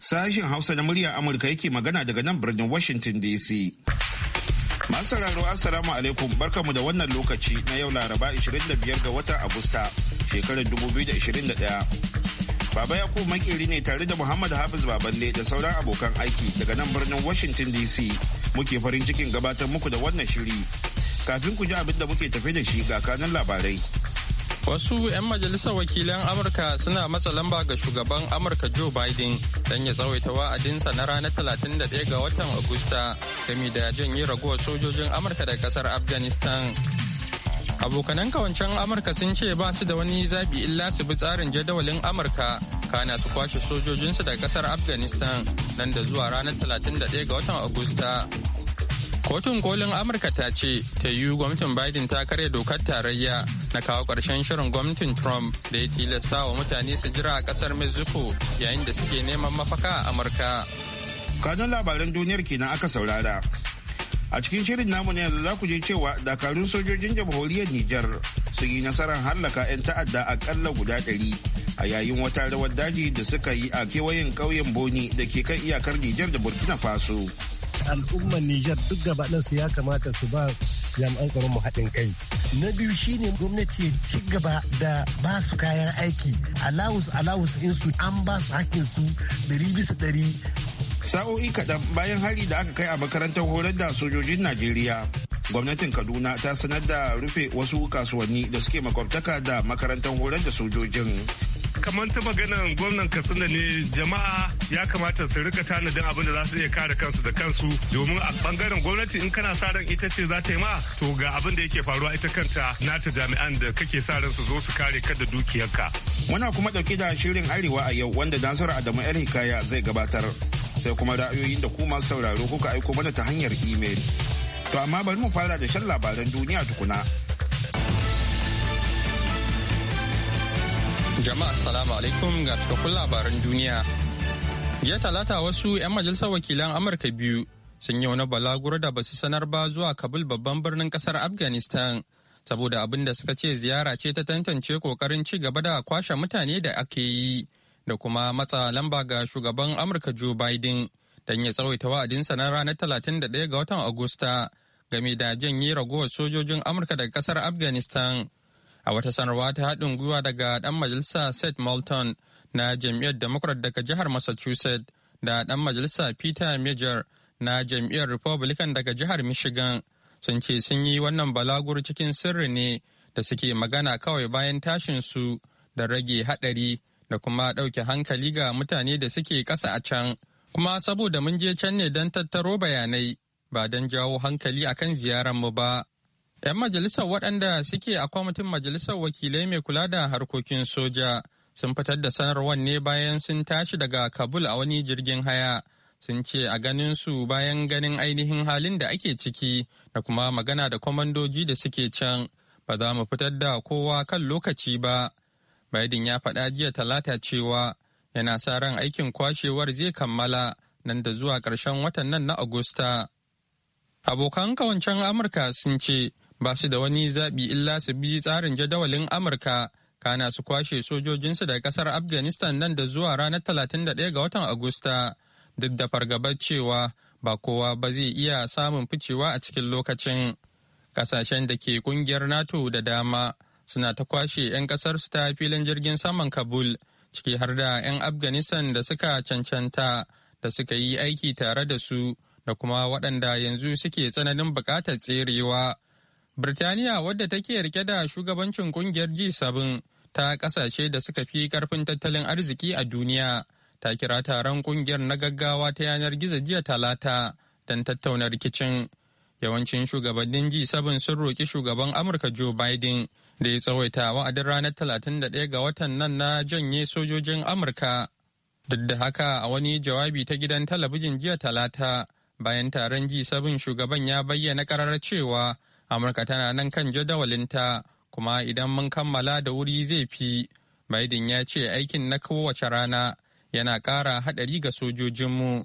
Sashen Hausa na murya Amurka yake magana daga nan birnin Washington DC. Masu sauraro Assalamu alaikum barkamu da wannan lokaci na yau Laraba 25 ga watan Agusta shekarar 2021. Baba Yakubu makeri ne tare da Muhammad Hafiz Baballe da sauran abokan aiki daga nan birnin Washington DC. muke farin cikin gabatar muku da wannan shiri kafin ku ji abin da muke tafe da shi ga kanan labarai Wasu 'yan majalisar wakilan Amurka suna matsa lamba ga shugaban Amurka Joe Biden don ya tsawaita wa'adinsa na ranar 31 ga watan Agusta gami da janye raguwa sojojin Amurka da kasar Afghanistan. Abokanan kawancen Amurka sun ce ba su da wani zaɓi illa su bi tsarin jadawalin Amurka kana su kwashe sojojinsu daga kasar afghanistan nan da zuwa ranar 31 ga watan agusta kotun kolin amurka ta ce ta yi gwamnatin biden ta karya dokar tarayya na kawo ƙarshen shirin gwamnatin trump da ya tilasta wa mutane su jira a kasar mexico yayin da suke neman mafaka a amurka kanun labaran duniyar kenan aka saurara a cikin shirin namu na yanzu za ku je cewa dakarun sojojin jamhuriyar niger su yi nasarar hallaka 'yan ta'adda akalla guda ɗari. a yayin wata rawar daji da suka yi a kewayen ƙauyen boni da ke kan iyakar nijar da burkina faso al'ummar nijar duk gaba su ya kamata su ba jami'an tsaron mu haɗin kai na biyu shine gwamnati ya ci gaba da ba su kayan aiki alawus alawus insu an ba su hakkin su ɗari bisa ɗari sa'o'i kaɗan bayan hari da aka kai a makarantar horar da sojojin najeriya gwamnatin kaduna ta sanar da rufe wasu kasuwanni da suke makwabtaka da makarantar horar da sojojin kamar ta maganan gwamnan katsina ne jama'a ya kamata su rika tanadin abin da za su iya kare kansu da kansu domin a bangaren gwamnati in kana sa ran ita ce za ta yi ma to ga abin da yake faruwa ita kanta nata jami'an da kake sa ran su zo su kare ka da dukiyarka. Muna kuma dauke da shirin arewa a yau wanda nasara Adamu 'yar Hikaya zai gabatar sai kuma ra'ayoyin da kuma sauraro kuka aiko mana ta hanyar imel. To amma bari mu fara da shan labaran duniya tukuna. Jama'a salamu alaikum ga cikakkun labaran duniya. Jiya talata wasu 'yan majalisar wakilan Amurka biyu sun yi wani balaguro da basu sanar ba zuwa Kabul babban birnin kasar Afghanistan saboda abin da suka ce ziyara ce ta tantance kokarin ci gaba da kwashe mutane da ake yi da kuma matsa lamba ga shugaban Amurka Joe Biden don ya tsawaita wa'adinsa na ranar 31 ga watan Agusta game da janye ragowar sojojin Amurka daga kasar Afghanistan. A wata sanarwa ta haɗin gwiwa daga ɗan majalisa Seth Moulton na jam'iyyar Democrat daga jihar Massachusetts da ɗan majalisa Peter Major na jam'iyyar Republican daga jihar Michigan sun ce sun yi wannan balagur cikin sirri ne da suke magana kawai bayan tashin su da rage haɗari da kuma ɗauke hankali ga mutane da suke ƙasa a can. Kuma saboda mun je can ne don tattaro bayanai ba don jawo hankali akan ziyararmu ba. 'Yan majalisar waɗanda suke a kwamitin majalisar wakilai mai kula da harkokin soja sun fitar da sanarwar ne bayan sun tashi daga Kabul a wani jirgin haya. Sun ce a ganin su bayan ganin ainihin halin da ake ciki da kuma magana da kwamandoji da suke can ba za mu fitar da kowa kan lokaci ba. Biden ya faɗa jiya talata cewa yana sa ran aikin kwashewar zai kammala nan da zuwa ƙarshen watan nan na Agusta. Abokan kawancen Amurka sun ce ba su da wani zaɓi illa su bi tsarin jadawalin amurka kana su kwashe sojojinsu da ƙasar afghanistan nan da zuwa ranar 31 ga watan agusta duk da fargabar cewa ba kowa ba zai iya samun ficewa a cikin lokacin kasashen da ke kungiyar nato da dama suna ta kwashe 'yan kasar su ta filin jirgin saman kabul ciki har da 'yan afghanistan da suka cancanta da suka yi aiki tare da su da kuma waɗanda yanzu suke tsananin buƙatar tserewa Birtaniya wadda take rike da shugabancin kungiyar G7 ta kasashe da suka fi karfin tattalin arziki a duniya ta kira taron kungiyar na gaggawa ta yanar gizo jiya talata don tattauna rikicin. Yawancin shugabannin G7 sun roƙi shugaban Amurka Joe Biden da ya tsawaita wa'adin ranar 31 ga watan nan na janye sojojin Amurka. Duk da haka a wani jawabi ta gidan talabijin jiya talata bayan taron G7 shugaban ya bayyana ƙarar cewa amurka tana nan kan jadawalinta kuma idan mun kammala da wuri zai fi biden ya ce aikin na kowace rana yana ƙara haɗari ga sojojinmu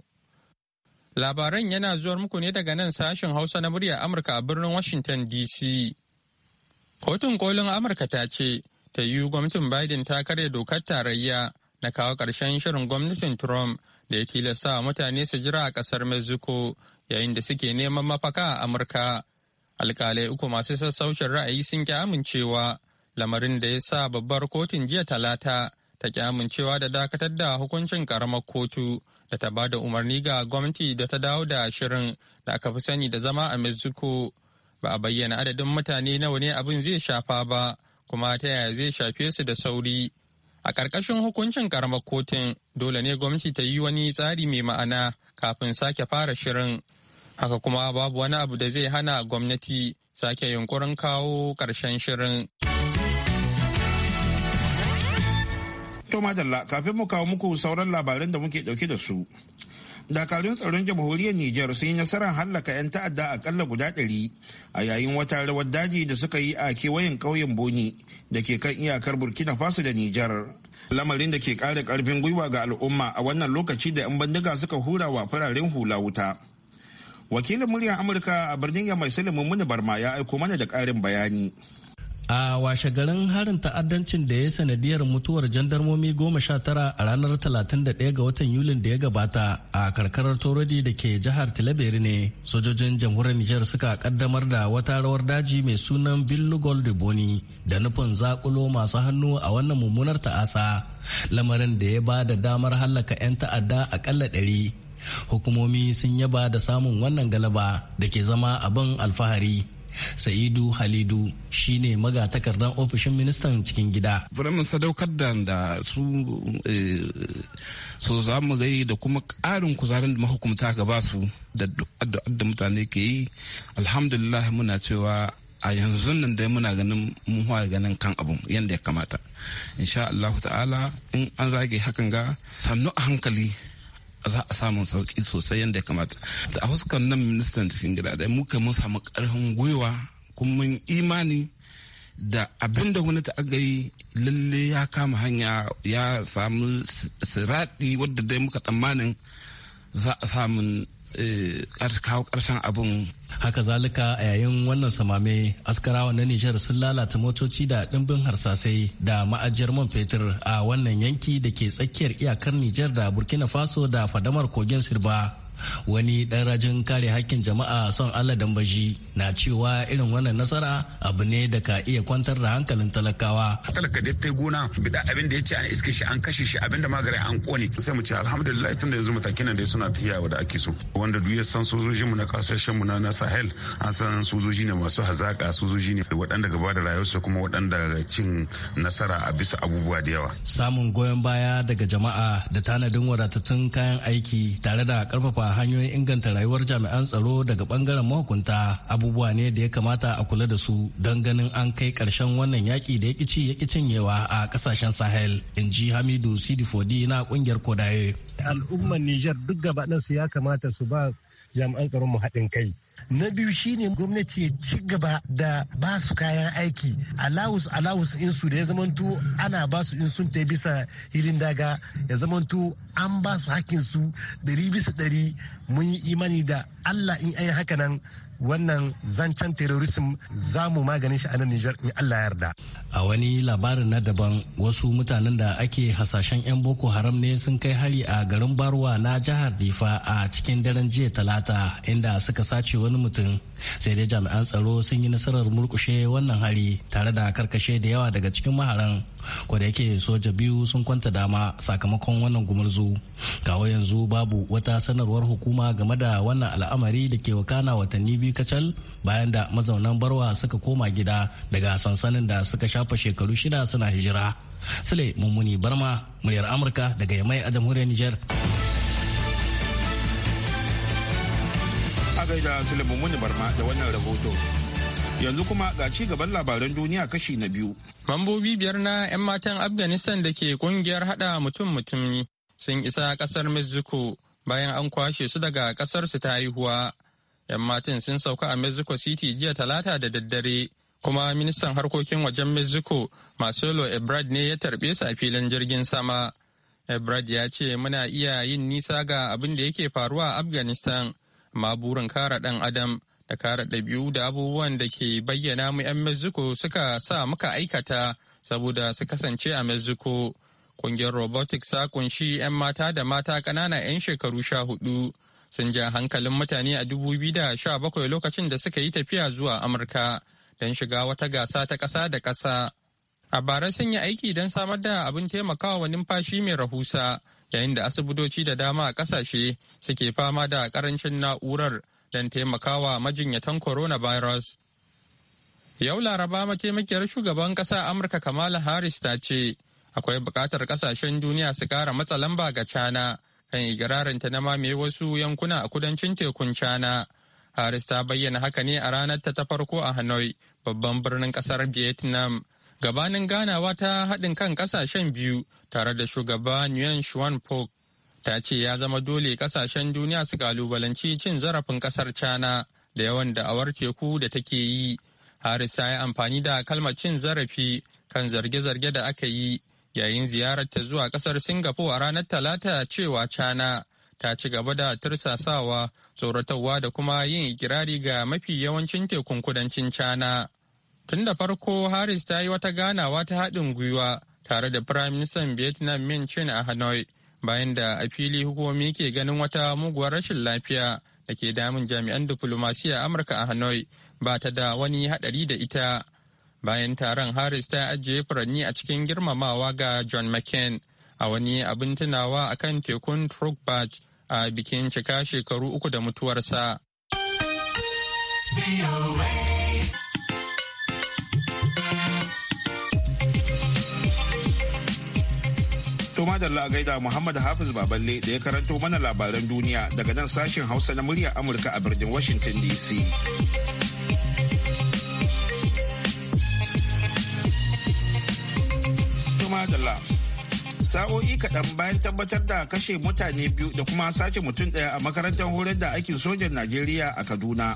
labaran yana zuwar muku ne daga nan sashen hausa na murya amurka a birnin washington dc kotun kolin amurka ta ce ta yi gwamnatin biden ta karya dokar tarayya na kawo ƙarshen shirin gwamnatin trump da ya tilasta mutane su jira a ƙasar mexico yayin da suke neman mafaka a amurka alkalai uku masu sassaucin ra'ayi sun ki amincewa lamarin da ya sa babbar kotun jiya talata ta ki amincewa da dakatar da hukuncin karamar kotu da ta ba da umarni ga gwamnati da ta dawo da shirin da aka fi sani da zama a mexico ba a bayyana adadin mutane nawa ne abin zai shafa ba kuma ta yaya zai shafe su da sauri a ƙarƙashin hukuncin karamar kotun dole ne gwamnati ta yi wani tsari mai ma'ana kafin sake fara shirin haka kuma babu wani abu da zai hana gwamnati sake yunkurin kawo ƙarshen shirin. tomadalla kafin mu kawo muku sauran labaran da muke dauke da su. Dakarun tsaron jamhuriyar Nijar sun yi nasarar hallaka 'yan ta'adda akalla guda ɗari a yayin wata rawar daji da suka yi a kewayen ƙauyen Boni da ke kan iyakar Burkina Faso da Nijar. Lamarin da ke ƙara ƙarfin gwiwa ga al'umma a wannan lokaci da 'yan bandiga suka hura wa fararen hula wuta. wakilin muryar amurka a birnin yamai sulemin muni barma ya aiko mana da karin bayani a washe garin harin ta'addancin da ya sanadiyar mutuwar jandarmomi goma sha tara a ranar talatin da 31 ga watan yulin da ya gabata a karkarar torodi da ke jihar tilaberi ne sojojin jamhuriyar nijar suka kaddamar da wata rawar daji mai sunan billu goldiboni da nufin zakulo masu hannu a wannan mummunar ta'asa lamarin da ya ba da damar hallaka 'yan ta'adda akalla ɗari hukumomi sun yaba da samun wannan galaba da ke zama abin alfahari sa'idu halidu shine magatakardan ofishin ministan cikin gida firamin sadaukar da su eh, so za mu gai da kuma ƙarin kuzarin da mahukumta ga ba su da duk da mutane ke yi alhamdulillah muna cewa a yanzu nan dai muna ganin mun ganin kan abu yadda ya kamata insha Allah ta'ala in an zage hakan ga sannu a hankali za a samu sauki sosai yadda ya kamata a huskan nan ministan cikin gida da muka mun samu karfin gwiwa kuma imani da abin da wani ta'aga yi lalle ya kama hanya ya samu siradi wadda dai muka tsammanin za a samun Eh, kawo karshen abun haka zalika a yayin wannan samame askarawa na nijar sun lalata motoci da ɗimbin harsasai da ma'ajiyar man fetur a wannan yanki da ke tsakiyar iyakar nijar da burkina faso da fadamar kogin sirba wani ɗan rajin kare hakkin jama'a son allah dambaji na cewa irin wannan nasara abu ne da ka iya kwantar da hankalin talakawa talaka da ta gona bida abin da ya ce an iske shi an kashe shi abin da magare an kone sai mu ce alhamdulillah tunda yanzu matakin da suna tafiya wa da ake so wanda duk ya san sojojin mu na kasashen mu na sahel an san sojoji ne masu hazaka sojoji ne waɗanda gaba da rayuwarsu kuma waɗanda cin nasara a bisa abubuwa da yawa samun goyon baya daga jama'a da tanadin wadatattun kayan aiki tare da karfafa kafa hanyoyin inganta rayuwar jami'an tsaro daga bangaren mahukunta abubuwa ne da ya kamata a kula da su don ganin an kai karshen wannan yaki da ya ci cinyewa a kasashen sahel in ji hamidu cd4d na kungiyar kodaye al'ummar niger duk gabaɗansu ya kamata su ba jami'an tsaron mu haɗin kai na biyu shine gwamnati ya ci gaba da ba su kayan aiki alawus in insu da ya zamantu ana ba su in sun tai bisa hilin daga ya zamanto an ba su hakkin su dari bisa dari mun yi imani da allah in ayi haka nan wannan zancen terrorism za mu maganin shi a nan Nijar in Allah yarda. A wani labarin na daban wasu mutanen da ake hasashen 'yan Boko Haram ne sun kai hari a garin Barwa na jihar Difa a cikin daren jiya talata inda suka sace wani mutum sai dai jami'an tsaro sun yi nasarar murkushe wannan hari tare da karkashe da yawa daga cikin maharan ko da yake soja biyu sun kwanta dama sakamakon wannan gumurzu kawo yanzu babu wata sanarwar hukuma game da wannan al'amari da ke wakana watanni biyu kacal bayan da mazaunan barwa suka koma gida daga sansanin da suka shafa shekaru shida suna hijira sule mummuni barma muryar amurka daga yamai a jamhuriyar niger a gaida sule mummuni barma da wannan rahoto yanzu kuma ga ci gaban labaran duniya kashi na biyu. Mambobi biyar na 'yan matan Afghanistan da ke kungiyar hada mutum-mutumi sun isa kasar Mexico bayan an kwashe su daga kasar su ta haihuwa. 'Yan matan sun sauka a Mexico City jiya talata da daddare, kuma ministan harkokin wajen Mexico Marcelo Ebrard ne ya tarbe su a filin jirgin sama. Ebrard ya ce muna iya yin nisa ga abin da yake faruwa a Afghanistan, ma burin kara ɗan Adam da kara ɗabi'u da abubuwan da ke bayyana mu 'yan mexico suka sa muka aikata saboda su kasance a mexico ƙungiyar robotics ta kunshi 'yan mata da mata ƙanana 'yan shekaru sha hudu sun ja hankalin mutane a dubu biyu da sha bakwai lokacin da suka yi tafiya zuwa amurka don shiga wata gasa ta ƙasa da ƙasa a bara sun yi aiki don samar da abin taimakawa numfashi mai rahusa yayin da asibitoci da dama a ƙasashe suke fama da ƙarancin na'urar don taimakawa majinyatan coronavirus. Yau Laraba mataimakiyar shugaban ƙasa Amurka Kamala Harris ta ce, akwai buƙatar ƙasashen duniya su ƙara matsa lamba ga Cana kan igirarinta na mame wasu yankuna a kudancin tekun Cana. Harris ta bayyana haka ne a ranar ta ta farko a Hanoi, babban birnin ƙasar Vietnam. Gabanin ganawa ta haɗin kan ƙasashen biyu tare da shugaba Nguyen Xuan Phuc ta ce ya zama dole kasashen duniya su kalubalanci cin zarafin kasar cana da yawan da'awar teku da take yi haris ta yi amfani da kalmar cin zarafi kan zarge-zarge da aka yi yayin ziyararta zuwa kasar singapore a ranar talata cewa cana ta ci gaba da tursasawa tsoratarwa da kuma yin ikirari ga mafi yawancin tekun kudancin cana tun da farko haris ta yi wata ganawa ta haɗin gwiwa tare da firaministan vietnam min chin a hanoi bayan da a fili hukumomi ke ganin wata muguwar rashin lafiya da ke damun jami'an diflomasiyya amurka a hanoi ba ta da wani haɗari da ita bayan taron harris ta ajiye furanni a cikin girmamawa ga john mccain a wani abin tunawa a kan tekun trukbach a bikin cika shekaru uku da mutuwarsa. To ma a gaida Muhammad Hafiz Baballe da ya karanto mana labaran duniya daga nan sashen Hausa na murya Amurka a birnin Washington DC. madalla sa'o'i kaɗan bayan tabbatar da kashe mutane biyu da kuma sace mutum ɗaya a makarantar horar da aikin sojan najeriya a kaduna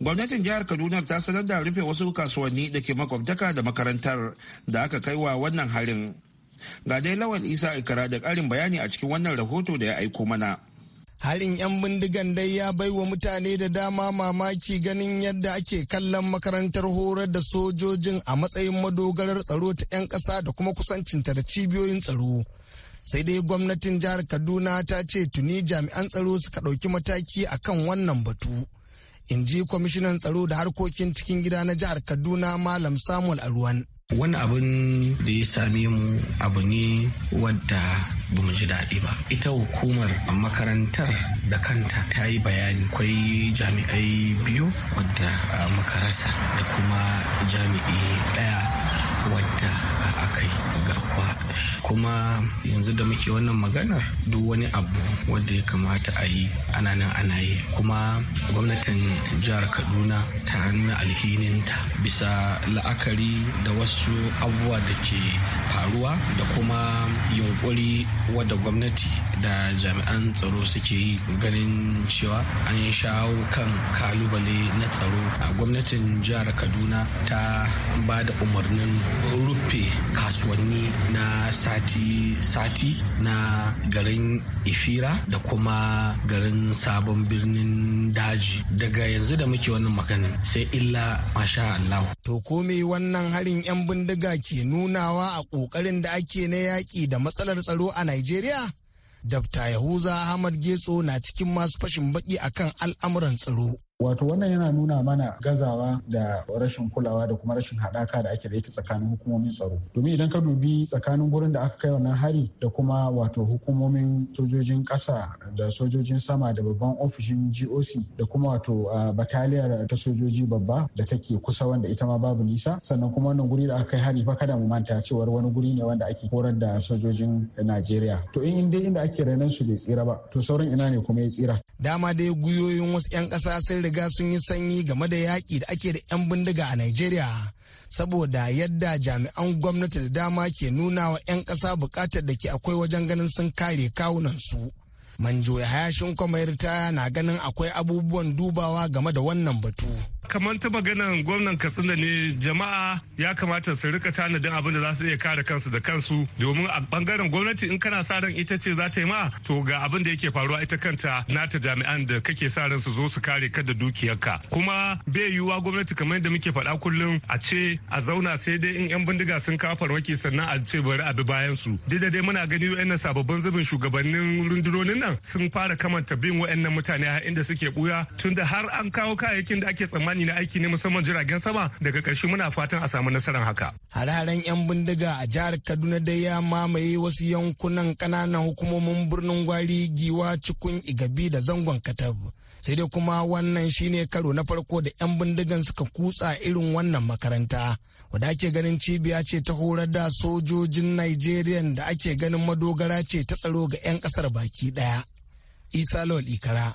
gwamnatin jihar kaduna ta sanar da rufe wasu kasuwanni da ke makwabtaka da makarantar da aka kai wa wannan harin Ga dai Lawal Isa Ikara da karin bayani a cikin wannan rahoto da ya aiko mana. Harin 'yan bindigan dai ya bai wa mutane da dama mamaki ganin yadda ake kallon makarantar horar da sojojin a matsayin madogarar tsaro ta 'yan ƙasa da kuma kusancinta da cibiyoyin tsaro. Sai dai gwamnatin jihar Kaduna ta ce tuni jami'an tsaro suka ɗauki mataki akan wannan batu. in ji kwamishinan tsaro da harkokin cikin gida na jihar kaduna malam samuel aruwan wani abin da ya same mu abu ne wadda ba mu ji daɗi ba ita hukumar makarantar da kanta ta yi bayani kwai jami'ai biyu wadda muka rasa da kuma jami'i ɗaya wadda aka yi kuma yanzu da muke wannan magana duk wani abu wanda ya kamata a yi ana nan ana yi kuma gwamnatin jihar kaduna ta nuna alhininta bisa la'akari da wasu abubuwa da ke faruwa da kuma yunkuri wadda gwamnati da jami'an tsaro suke yi ganin cewa an yi shawo kan kalubale na tsaro a gwamnatin jihar kaduna ta ba da umarnin rufe kasuwanni na sati sati-sati na garin ifira da kuma garin sabon birnin daji daga yanzu da muke wannan maganin sai illa masha Allah. To komai wannan harin 'yan bindiga ke nunawa a ƙoƙarin da ake na yaƙi da matsalar tsaro a Najeriya? Dabta Yahuza Ahmad Getso na cikin masu fashin baki akan al'amuran tsaro. Wato wannan yana nuna mana gazawa da rashin kulawa da kuma rashin haɗaka da ake da ita tsakanin hukumomin tsaro. Domin idan ka dubi tsakanin gurin da aka kai wannan hari da kuma wato hukumomin sojojin kasa da sojojin sama da babban ofishin GOC da kuma wato bataliyar ta sojoji babba da take kusa wanda ita ma babu nisa sannan kuma wannan guri da aka kai hari fa kada mu manta cewar wani guri ne wanda ake horar da sojojin Najeriya. To in inda ake renon su bai tsira ba to sauran ina ne kuma ya tsira. Dama dai guyoyin wasu 'yan ƙasa sai riga sun yi sanyi game da yaƙi da ake da 'yan bindiga a Najeriya saboda yadda jami'an gwamnati da dama ke nuna wa 'yan ƙasa buƙatar da ke akwai wajen ganin sun kare kawunansu. Manjo ya hayashin kwamayar na ganin akwai abubuwan dubawa game da wannan batu. kamar ta maganan gwamnan katsina ne jama'a ya kamata su rika tanadin abin da za su iya kare kansu da kansu domin a bangaren gwamnati in kana sa ran ita ce za ta yi ma to ga abin da yake faruwa ita kanta nata jami'an da kake sa ran su zo su kare ka da dukiyarka kuma bai yiwuwa gwamnati kamar yadda muke faɗa kullum a ce a zauna sai dai in yan bindiga sun kawo farmaki sannan a ce bari a bi bayan su duk da dai muna gani wa'annan sababbin zubin shugabannin rundunonin nan sun fara kamanta bin wa'annan mutane har inda suke buya tunda har an kawo kayayyakin da ake tsammani fanni na aiki ne musamman jiragen sama daga karshe muna fatan a samu nasarar haka. Hararen 'yan bindiga a jihar Kaduna dai ya mamaye wasu yankunan ƙananan hukumomin birnin Gwari Giwa Cikun Igabi da zangon Katab. Sai dai kuma wannan shine karo na farko da 'yan bindigan suka kutsa irin wannan makaranta. Wadda ake ganin cibiya ce ta horar da sojojin Nigerian da ake ganin madogara ce ta tsaro ga 'yan ƙasar baki ɗaya. Isa Lawal Ikara,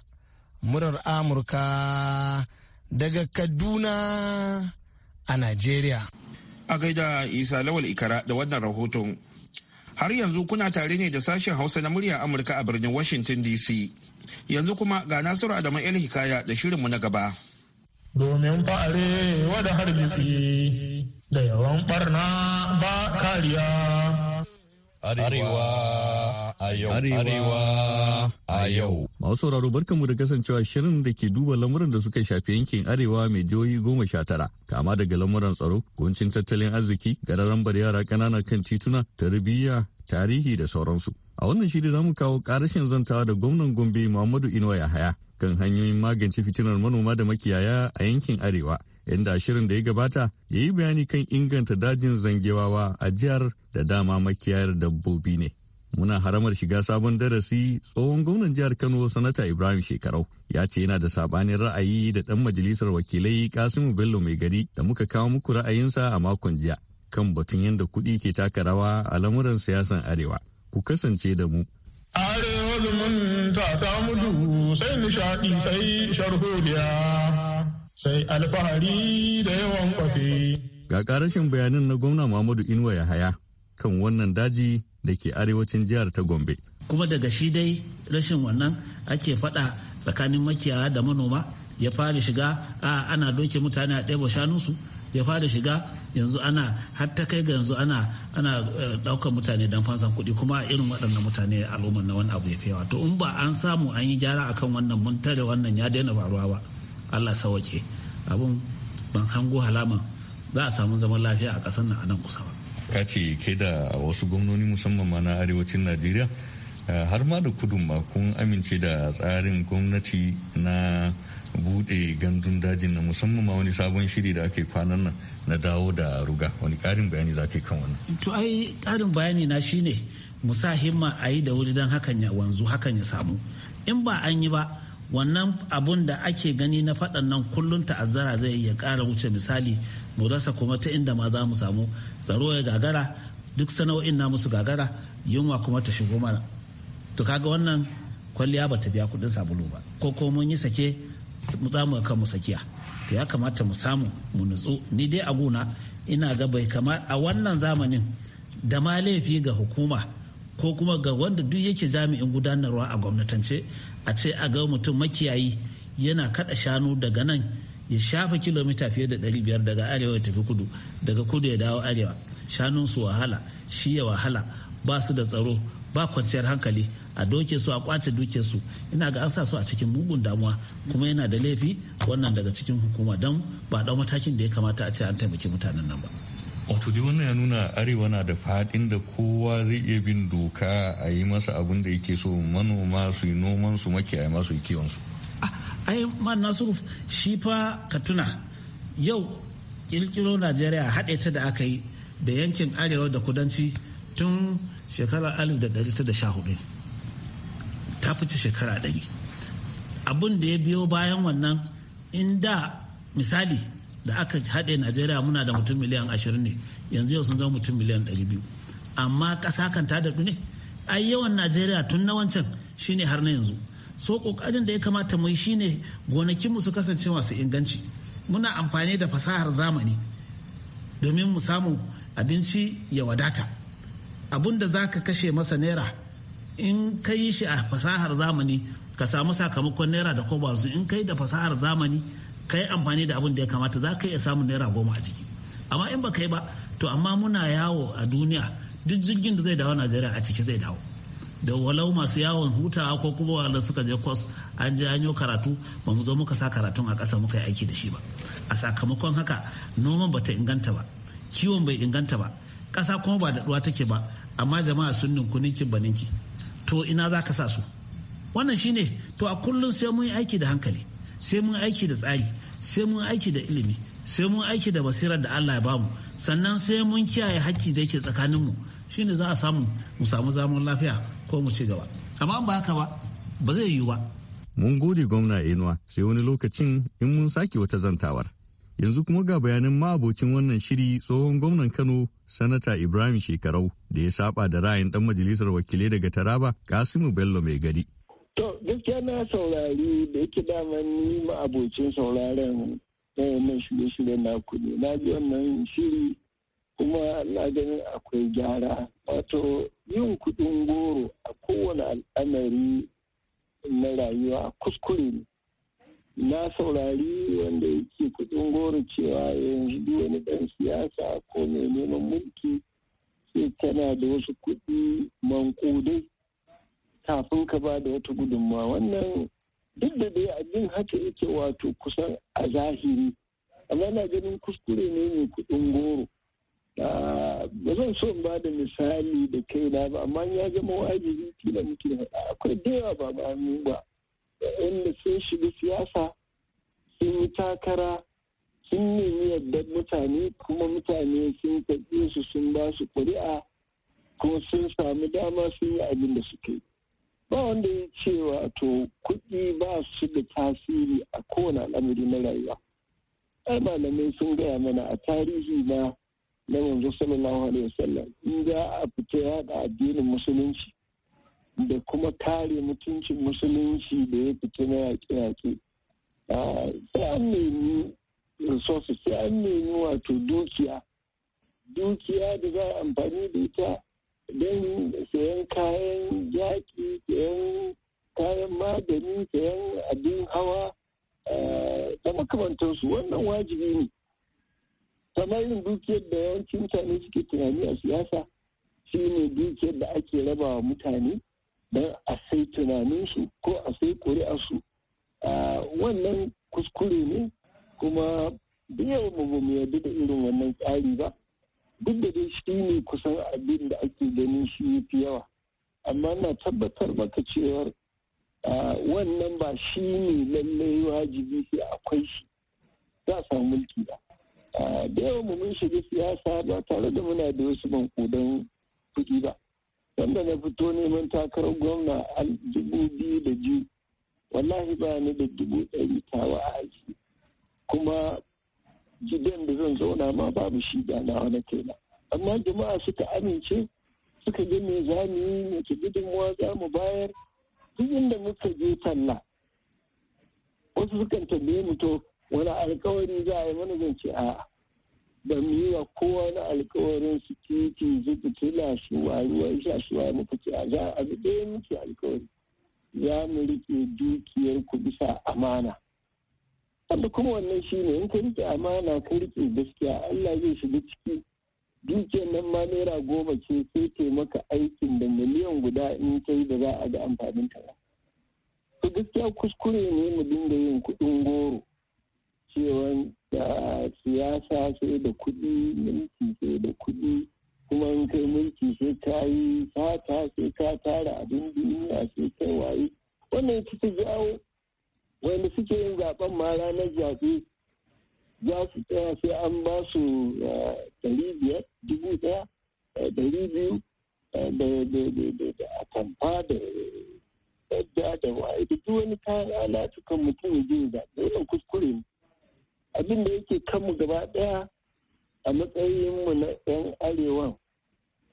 murar Amurka daga Kaduna a Najeriya. A gaida Isa Lawal Ikara da wannan rahoton. Har yanzu kuna tare ne da sashen Hausa na murya Amurka a birnin Washington DC. Yanzu kuma ga Nasiru Adamu El Hikaya da shirinmu na gaba. Domin fa'are wada hargitsi da yawan barna ba kariya. Arewa. Arewa a yau. Masu sauraro barkanmu da kasancewa shirin da ke duba lamuran da suka shafi yankin Arewa mai jihohi goma sha tara. Kama daga lamuran tsaro, kuncin tattalin arziki, gararan bar yara ƙanana kan tituna, tarbiyya, tarihi da sauransu. A wannan shiri za mu kawo ƙarashin zantawa da gwamnan Gombe Muhammadu Inuwa Yahaya kan hanyoyin magance fitinar manoma da makiyaya a yankin Arewa. Inda shirin da ya gabata ya yi bayani kan inganta dajin zangewawa a jihar da dama makiyayar dabbobi ne. muna haramar shiga sabon darasi tsohon gwamnan jihar kano sanata ibrahim shekarau ya ce yana da sabanin ra'ayi da dan majalisar wakilai kasimu bello mai gari da muka kawo muku ra'ayinsa a makon jiya kan batun yadda kuɗi ke taka rawa a lamuran siyasan arewa ku kasance da mu arewa zumunta ta mudu sai nishaɗi sai sharhodiya sai alfahari da yawan kwafi. ga ƙarashin bayanin na gwamna mamadu inuwa yahaya kan wannan daji da ke arewacin jihar ta gombe kuma daga shi dai rashin wannan ake fada tsakanin makiyaya da manoma ya fara shiga a ana doke mutane a ɗaya su ya fara shiga yanzu ana har kai ga yanzu ana ana e, ɗaukar mutane dan fansan kuɗi kuma irin waɗannan mutane al'ummar na wani abu ya fi to in ba an samu an yi gyara akan wannan mun tare wannan ya daina faruwa ba Allah sauke abun ban hango halaman za a samu zaman lafiya a ƙasar nan a nan kusa ba ka ce ke da wasu gwamnoni musamman ma na arewacin najeriya eh, har ma da kudu ma kun amince da tsarin gwamnati na bude gandun dajin na musamman ma wani sabon shiri da ake kwanan nan na dawo da ruga wani karin bayani za ka yi kan wannan to ai karin bayani na shine mu sa himma a yi da wuri don hakan ya wanzu hakan ya samu in ba an yi ba wannan abun da ake gani na faɗan nan kullum ta'azzara zai iya ƙara wuce misali mu rasa kuma ta inda ma za mu samu tsaro ya gagara duk sana'o'in na musu gagara yunwa kuma ta shigo mana to kaga wannan kwalliya ba ta biya kudin sabulu ba ko ko mun yi sake mu za mu ga kanmu sakiya to ya kamata mu samu mu nutsu ni dai a gona ina ga bai kama a wannan zamanin da ma laifi ga hukuma ko kuma ga wanda duk yake jami'in gudanarwa a gwamnatance a ce a ga mutum makiyayi yana kada shanu daga nan ya shafa kilomita fiye da 500 daga arewa ya tafi kudu daga kudu ya dawo arewa shanun su wahala shi ya wahala ba su da tsaro ba kwanciyar hankali a doke su a kwace duke su ina ga an sa su a cikin mugun damuwa kuma yana da laifi wannan daga cikin hukuma don ba dau matakin da ya kamata a ce an taimaki mutanen nan ba wato dai wannan ya nuna arewa na da fadin da kowa zai iya bin doka a yi masa abin da yake so manoma su yi noman su makiyaya masu yi kiwon su ai man nasiru shi fa ka tuna yau kirkiro najeriya haɗe ta da aka yi da yankin arewa da kudanci tun shekarar 1914 ta fice shekara ɗari abin da ya biyo bayan wannan inda misali da aka haɗe najeriya muna da mutum miliyan 20 ne yanzu yau sun zama mutum miliyan 200 amma ƙasa kan ta daɗu ne ai yawan najeriya tun na wancan shine har na yanzu so kokarin da ya kamata mu yi shine mu su kasance masu inganci muna amfani da fasahar zamani domin mu samu abinci ya wadata abun da za ka kashe masa naira in ka yi shi a fasahar zamani ka samu sakamakon naira da koba in kai da fasahar zamani ka yi amfani da abin da ya kamata za ka iya samun naira goma a ciki amma in ba kai ba to amma muna yawo a duniya duk jirgin da zai dawo najeriya a ciki zai dawo da walau masu yawon hutawa ko kuma wanda suka je kwas an je an yi karatu ba mu zo muka sa karatun a ƙasa muka yi aiki da shi ba a sakamakon haka noman bata inganta ba kiwon bai inganta ba ƙasa kuma ba daɗuwa take ba amma jama'a sun ninku ninkin ba ninki to ina za ka sa su wannan shine to a kullum sai mun yi aiki da hankali sai mun aiki da tsari sai mun aiki da ilimi sai mun aiki da basirar da Allah ya bamu sannan sai mun kiyaye hakki da yake tsakaninmu shine za a samu mu samu zaman lafiya ko mu ci gaba amma ba haka ba ba zai yiwu ba mun gode gwamna inuwa sai wani lokacin in mun sake wata zantawar yanzu kuma ga bayanin ma'abocin wannan shiri tsohon gwamnan kano sanata ibrahim shekarau da ya saba da ra'ayin dan majalisar wakilai daga taraba kasimu bello mai gari to gaskiya na saurari da yake daman ni ma'abocin sauraren eh, na shirye-shiryen na ne na ji wannan shiri kuma na ganin akwai gyara wato yin kudin goro a kowane al'amari na rayuwa kuskure ne na saurari wanda yake kudin goro cewa yanzu duk wani dan siyasa ko mai neman mulki sai tana da wasu kudi mankudai kafin ka ba da wata gudunmawa wannan duk da dai abin haka yake wato kusan a zahiri amma na ganin kuskure ne mai kudin goro ba zan so in ba da misali da kaina ba amma ya zama wajibi kila muke faɗa akwai da yawa ba ba mu ba wanda sun shiga siyasa sun yi takara sun nemi yadda mutane kuma mutane sun karɓe su sun ba su ƙuri'a kuma sun samu dama sun yi abin da suke ba wanda ya ce wato kuɗi ba su da tasiri a kowane al'amari na rayuwa ai malamai sun gaya mana a tarihi na na yanzu sallallahu alaihi wasallam in za a fita da addinin musulunci da kuma kare mutuncin musulunci da ya fita na yaƙe-yaƙe sai an nemi resources sai an nemi wato dukiya dukiya da za a amfani da ita don sayan kayan yaƙi sayan kayan magani sayan abin hawa da makamantansu wannan wajibi ne kamar yin dukiyar da yawancin mutane suke tunani a siyasa shi ne dukiyar da ake raba wa mutane don a sai tunaninsu ko a sai ƙuri'arsu wannan kuskure ne kuma yawan mu mu yarda da irin wannan tsari ba duk da dai shi ne kusan abin da ake ganin shi fi yawa amma na tabbatar maka cewar wannan ba shi ne lallai wajibi sai akwai shi za a samu mulki ba da yawan mu mun shiga siyasa ba tare da muna da wasu kudan kuɗi ba wanda na fito neman takarar gwamna a dubu biyu da biyu wallahi ba ni da dubu ɗari tawa a aji kuma gidan da zan zauna ma babu shi da nawa na kaina amma jama'a suka amince suka ga me za mu yi mace gudunmuwa za mu bayar duk inda muka je talla wasu sukan tambaye mu to wani alkawari za a yi mana zance a a'a yi wa kowane na alkawarin su titi zuku tila shuwa ruwa sha shuwa muka ce a za a bi ɗaya muke alkawari za mu riƙe dukiyar ku bisa amana wanda kuma wannan shi ne in ka riƙe amana ka riƙe gaskiya Allah zai shiga ciki dukiyar nan ma naira goma ce sai taimaka aikin da miliyan guda in yi da za a ga amfanin ta ba. gaskiya kuskure ne mu dinga yin kuɗin goro. cewa siyasa sai da kuɗi mulki sai da kuɗi kuma in kai mulki sai ka yi fata sai ka tara abin duniya sai kai waye wannan ci ta jawo wanda suke yin zaben ma ranar zaɓe za su tsaya sai an ba su eh, ɗari biyar dubu ɗaya eh, ɗari biyu eh, da atamfa da yadda da waye da duk wani kayan alatukan mutum ya je zaɓe wannan kuskure abin da yake kanmu gaba ɗaya a matsayinmu na 'yan arewan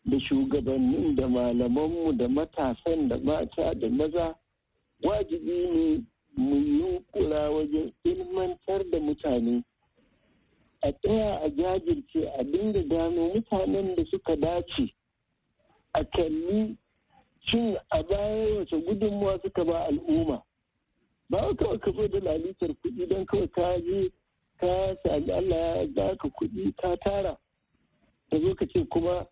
da shugabannin da malamanmu da matasan da mata da maza wajibi ne mu yi kura wajen ilmantar da mutane a tsaya a jajirce a dinga gano mutanen da suka dace a kalli cin a baya wace gudunmuwa suka ba al'umma ba kawai ka zo da lalitar kuɗi don kawai ka je ta sami Allah ya baka kuɗi ta tara ka zo ka ce kuma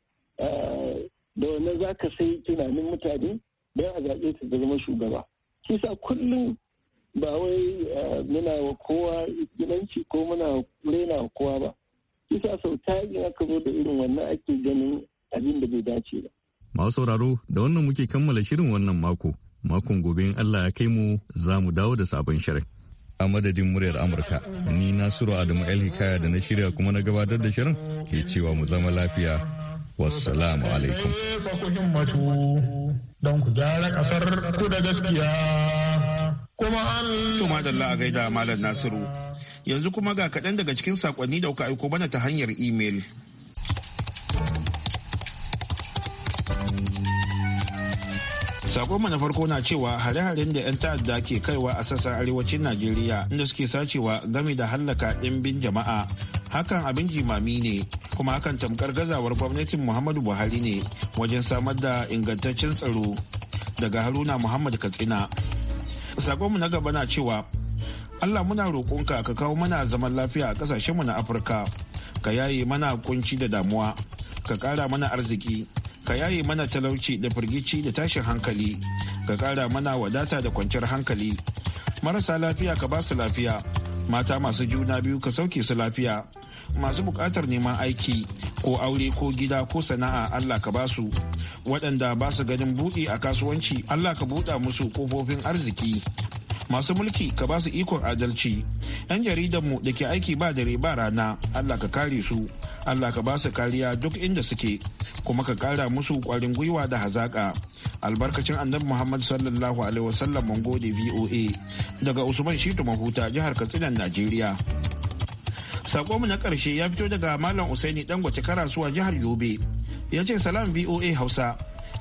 da wannan za ka sai tunanin mutane don a zaɓe ta zama shugaba shi sa kullum ba wai muna wa kowa gidanci ko muna rena wa kowa ba shi sa sau yi aka zo da irin wannan ake ganin abin da bai dace ba masu sauraro da wannan muke kammala shirin wannan mako makon gobe in Allah ya kai mu za mu dawo da sabon shirin a madadin muryar Amurka. Ni Nasiru Adamu El Hikaya da na shirya kuma na gabatar da shirin ke cewa mu zama lafiya. Wassalamu alaikum. da gaskiya. Kuma a gaida Malam Nasiru. Yanzu kuma ga kaɗan daga cikin saƙonni da kuka aiko mana ta hanyar imel. Sakonmu na farko na cewa hare-haren da 'yan ta'adda ke kaiwa a sassan arewacin Najeriya inda suke sacewa game da hallaka ɗimbin jama'a. Hakan abin jimami ne, kuma hakan tamkar gazawar gwamnatin Muhammadu Buhari ne wajen samar da ingantaccen tsaro daga Haruna Muhammad Katsina. Sakonmu na gaba na cewa Allah muna roƙonka ka kawo mana zaman lafiya a mu na Afirka, ka yaye mana kunci da damuwa, ka kara mana arziki. ka yaye mana talauci da firgici da tashin hankali ka kara mana wadata da kwanciyar hankali marasa lafiya ka ba su lafiya mata masu juna biyu ka sauke su lafiya masu bukatar neman aiki ko aure ko gida ko sana'a Allah ka ba su waɗanda ba su ganin buɗe a kasuwanci Allah ka buɗa musu ƙofofin arziki masu mulki ka ba su ikon adalci 'yan jaridanmu da ke aiki ba dare ba rana Allah ka kare su Allah ka ba su kariya duk inda suke kuma ka kara musu kwarin gwiwa da hazaka albarkacin annabi Muhammad sallallahu alaihi wasallam mun gode VOA daga Usman Shitu Mahuta jihar Katsina Najeriya Sako mu na karshe ya fito daga Malam Usaini Dangote Karasuwa jihar Yobe ya ce salam VOA Hausa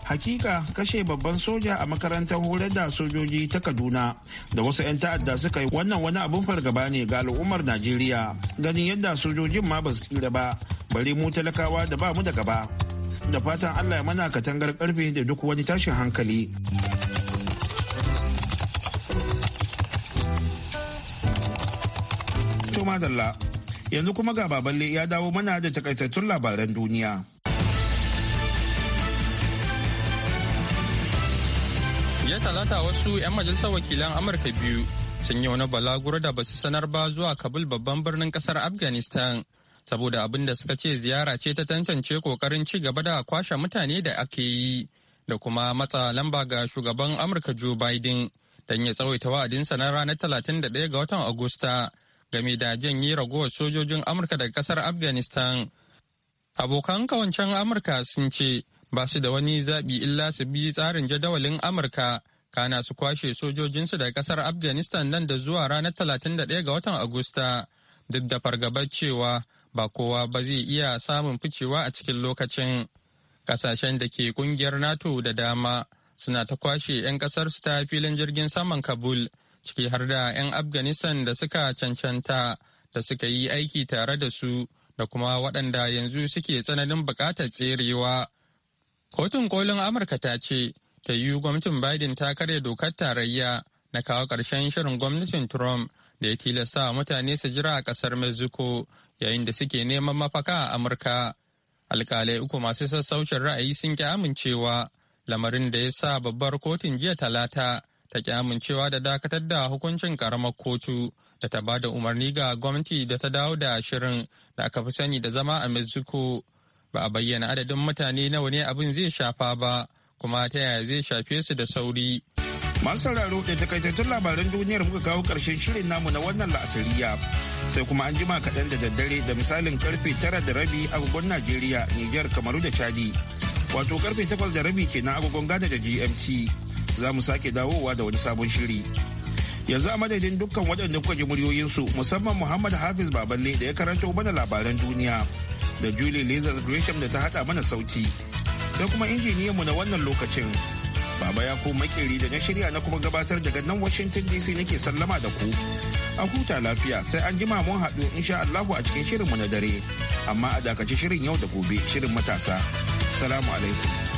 hakika kashe babban soja a makarantar horar da sojoji ta kaduna da wasu 'yan ta'adda suka yi wannan wani abin fargaba ne ga al'ummar najeriya ganin yadda sojojin ma ba su tsira ba bari mu talakawa da ba mu da gaba da fatan allah ya mana katangar karfe da duk wani tashin hankali yanzu kuma ga baballe ya dawo mana da takaitattun labaran duniya jiya talata wasu 'yan majalisar wakilan amurka biyu sun yi wani balaguro da basu sanar ba zuwa kabul babban birnin kasar afghanistan saboda abin da suka ce ziyara ce ta tantance kokarin ci gaba da kwashe mutane da ake yi da kuma matsa lamba ga shugaban amurka joe biden don ya tsawaita wa'adinsa na ranar 31 ga watan agusta game da janye ragowar sojojin amurka daga kasar afghanistan abokan kawancen amurka sun ce ba su da wani zaɓi illa su bi tsarin jadawalin amurka kana su kwashe sojojinsu daga ƙasar afghanistan nan da zuwa ranar talatin da ɗaya ga watan agusta duk da fargabar cewa ba kowa ba zai iya samun ficewa a cikin lokacin ƙasashen da ke ƙungiyar nato da dama suna ta kwashe 'yan kasar su ta filin jirgin saman kabul ciki har da 'yan afghanistan da suka cancanta da suka yi aiki tare da su da kuma waɗanda yanzu suke tsananin buƙatar tserewa Kotun kolin Amurka ta ce ta yi gwamnatin Biden ta karya dokar tarayya na kawo ƙarshen shirin gwamnatin Trump da ya tilasta wa mutane su jira a ƙasar Mexico yayin da suke neman mafaka a Amurka. Alƙalai uku masu sassaucin ra'ayi sun ƙi amincewa lamarin da ya sa babbar kotun jiya talata ta ƙi amincewa da dakatar da hukuncin ƙaramar kotu da ta ba da umarni ga gwamnati da ta dawo da shirin da aka fi sani da zama a Mexico. ba a bayyana adadin mutane nawa ne abin zai shafa ba kuma ta yaya zai shafe su da sauri. Masu sauraro da takaitattun labaran duniyar muka kawo karshen shirin namu na wannan la'asariya. Sai kuma an jima kaɗan da daddare da misalin karfe tara da rabi agogon Najeriya, Nijar, Kamaru da Chadi. Wato karfe takwas da rabi kenan agogon Ghana da GMT. Za mu sake dawowa da wani sabon shiri. Yanzu a madadin dukkan waɗanda kuka ji muryoyinsu musamman Muhammad Hafiz Baballe da ya karanto mana labaran duniya. da Julie Lazar Gresham da ta haɗa mana sauti. Sai kuma mu na wannan lokacin. Baba ya ko makeri da na shirya na kuma gabatar daga nan Washington DC nake sallama da ku. A huta lafiya sai an jima mun haɗu insha Allahu a cikin shirinmu na dare. Amma a dakaci shirin yau da gobe shirin matasa. Salamu alaikum.